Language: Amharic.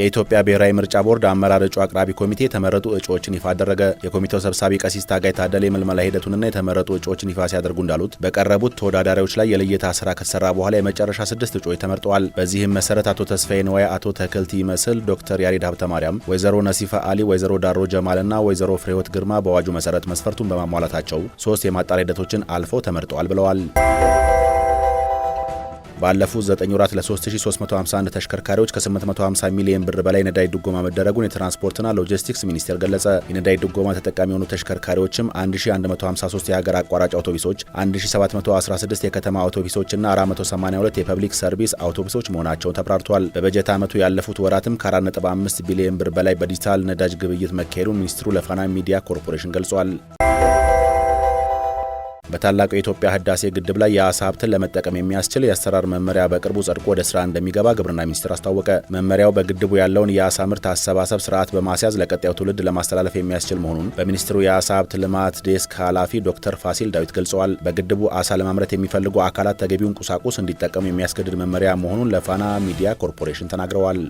የኢትዮጵያ ብሔራዊ ምርጫ ቦርድ አመራር እጩ አቅራቢ ኮሚቴ የተመረጡ እጩዎችን ይፋ አደረገ። የኮሚቴው ሰብሳቢ ቀሲስ ታጋይ ታደለ የምልመላ ሂደቱንና የተመረጡ እጩዎችን ይፋ ሲያደርጉ እንዳሉት በቀረቡት ተወዳዳሪዎች ላይ የልየታ ስራ ከተሰራ በኋላ የመጨረሻ ስድስት እጩዎች ተመርጠዋል። በዚህም መሰረት አቶ ተስፋዬ ንዋይ፣ አቶ ተክልቲ ይመስል፣ ዶክተር ያሬድ ሀብተማርያም፣ ወይዘሮ ነሲፋ አሊ፣ ወይዘሮ ዳሮ ጀማልና ወይዘሮ ፍሬህይወት ግርማ በአዋጁ መሰረት መስፈርቱን በማሟላታቸው ሶስት የማጣሪያ ሂደቶችን አልፈው ተመርጠዋል ብለዋል። ባለፉት 9 ወራት ለ3351 ተሽከርካሪዎች ከ850 ሚሊዮን ብር በላይ ነዳጅ ድጎማ መደረጉን የትራንስፖርትና ሎጂስቲክስ ሚኒስቴር ገለጸ። የነዳጅ ድጎማ ተጠቃሚ የሆኑ ተሽከርካሪዎችም 1153 የሀገር አቋራጭ አውቶቡሶች፣ 1716 የከተማ እና 482 የፐብሊክ ሰርቪስ አውቶቡሶች መሆናቸውን ተብራርቷል። በበጀት ዓመቱ ያለፉት ወራትም ከ4.5 ቢሊዮን ብር በላይ በዲጂታል ነዳጅ ግብይት መካሄዱን ሚኒስትሩ ለፋና ሚዲያ ኮርፖሬሽን ገልጿል። በታላቁ የኢትዮጵያ ህዳሴ ግድብ ላይ የአሳ ሀብትን ለመጠቀም የሚያስችል የአሰራር መመሪያ በቅርቡ ጸድቆ ወደ ስራ እንደሚገባ ግብርና ሚኒስቴር አስታወቀ። መመሪያው በግድቡ ያለውን የአሳ ምርት አሰባሰብ ስርዓት በማስያዝ ለቀጣዩ ትውልድ ለማስተላለፍ የሚያስችል መሆኑን በሚኒስትሩ የአሳ ሀብት ልማት ዴስክ ኃላፊ ዶክተር ፋሲል ዳዊት ገልጸዋል። በግድቡ አሳ ለማምረት የሚፈልጉ አካላት ተገቢውን ቁሳቁስ እንዲጠቀሙ የሚያስገድድ መመሪያ መሆኑን ለፋና ሚዲያ ኮርፖሬሽን ተናግረዋል።